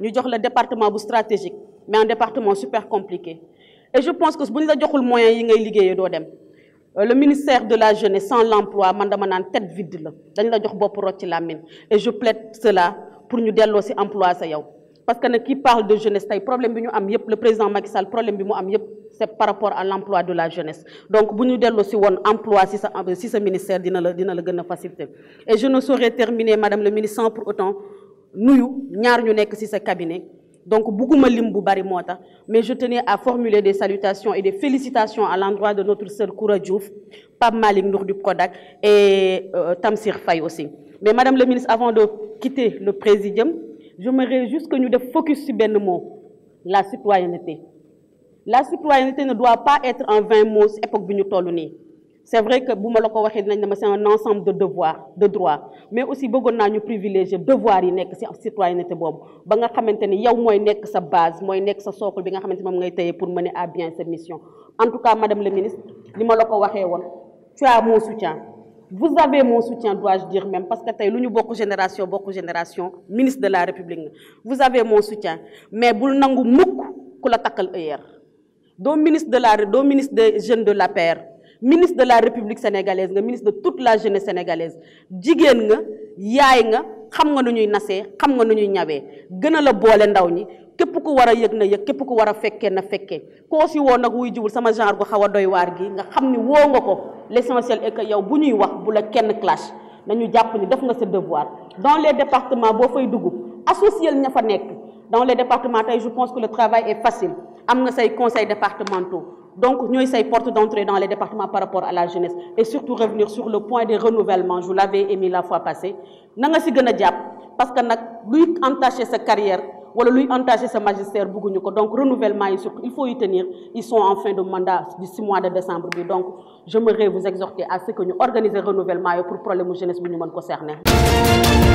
Nous avons xalé département stratégique mais un département super compliqué et je pense que si la joxul moyens yi ngay euh, le ministère de la jeunesse sans l'emploi man dama tête vide la dañ la jox et je plaide cela pour ñu délo l'emploi, emploi sa yow parce que qui parle de jeunesse tay problème bi ñu am le président Macky Sall problème bi par rapport à l'emploi de la jeunesse donc nous délo ci si emploi si sa si ministère dina la dina la et je ne saurais terminer madame le ministre sans pour autant nuyu ñaar ñu nekk ci sa cabinet donc beaucoup lim bu bari moo mais je tenais à formuler des salutations et des félicitations à l'endroit de notre sœur Koura Diouf Pape Malik Kodak et euh, Tamsir Fay aussi mais madame la ministre avant de quitter le présidium j'aimerais juste que nous nous focus sur mot la citoyenneté la citoyenneté ne doit pas être en vain mots époque bi ñu tollu c'est vrai que c'est un ensemble de devoirs, de droits. mais aussi bëggoon naa ñu privilégier devoir yi nekk ci citoyenneté Si ba nga xamante que yow mooy sa base mooy nekk sa socle bi nga ngay pour mener à bien cette mission en tout cas madame la ministre je ma tu as mon soutien vous avez mon soutien dois-je dire même parce que avons beaucoup de générations, beaucoup de générations, ministre de la république vous avez mon soutien mais bul nangu mukk ku la takkal ëyeer ministre de la ministre des jeunes de la paire ministre de la république sénégalaise nga ministre de toute la jeunesse sénégalaise jigéen nga yaay nga xam nga nu ñuy nasee xam nga nu ñuy ñawé. gën la bolé ndaw ñi képp ku war yëg na yëg képp ku na féké. Ko si wo nak wuy jiwul sama genre gu xawa doy war gi nga xam ni wo nga ko l'essentiel est que yow bu ñuy wax bu la kenn clash nañu japp ni def nga ses devoir dans les départements bo fay dugg associé ña fa nekk dans les départements je pense que le travail est facile Amna say conseils départementaux donc, nous essayons porte d'entrée dans les départements par rapport à la jeunesse et surtout revenir sur le point des renouvellements. Je vous l'avais émis la fois passée. Nous avons parce que lui entaché sa carrière wala lui entaché sa magistère donc renouvellement il faut y tenir ils sont en fin de mandat du 6 mois de décembre donc j'aimerais vous exhorter à ce que organisions organiser renouvellement pour pour problème de jeunesse qui ñu